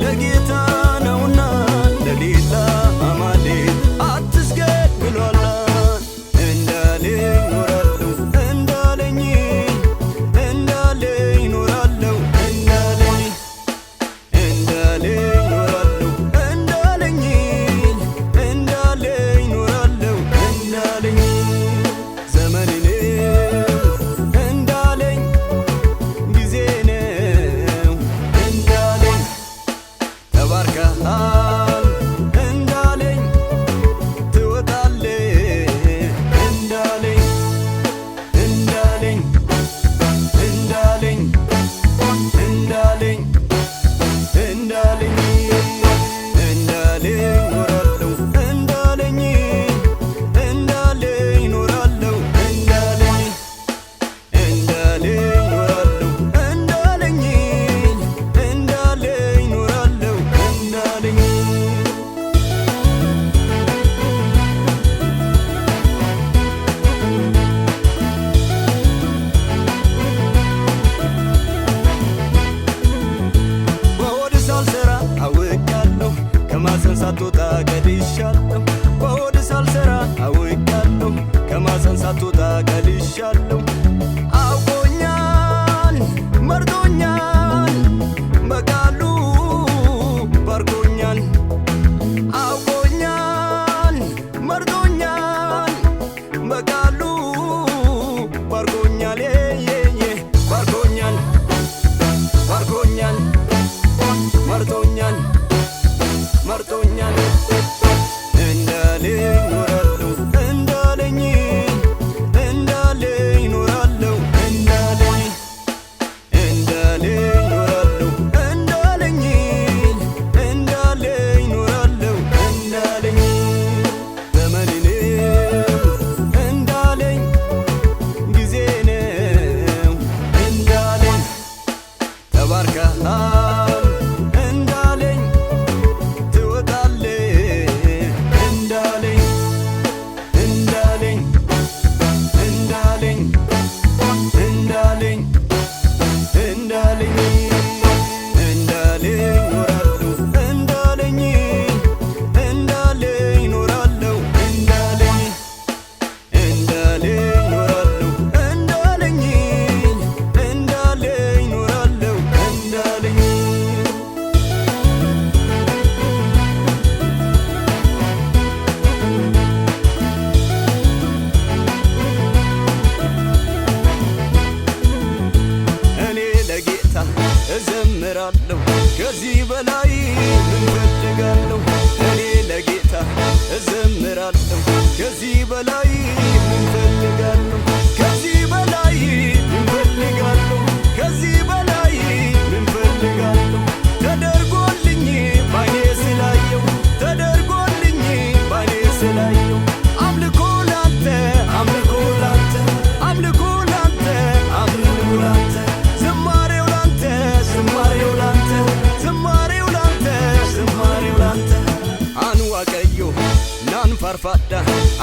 ለጌታ ከማፀን ሳትወጣ ቀድሻለሁ በሆድ ሳልሰራ አውቃለሁ ከማፀን ሳትወጣ ቀድሻለሁ አውቆኛል መርዶ እዘምራለሁ ከዚህ በላይ እንፈልጋለሁ እኔ ለጌታ እዘምራለሁ ከዚህ በላይ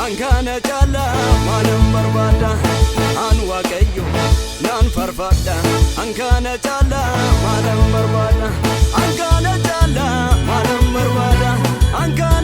ማን ካነ ጫላ ማንም በርባዳ አኑዋ ናን ፈርፋዳ አንካነ ጫላ ማንም በርባዳ አንካነ ጫላ ማንም በርባዳ አንካ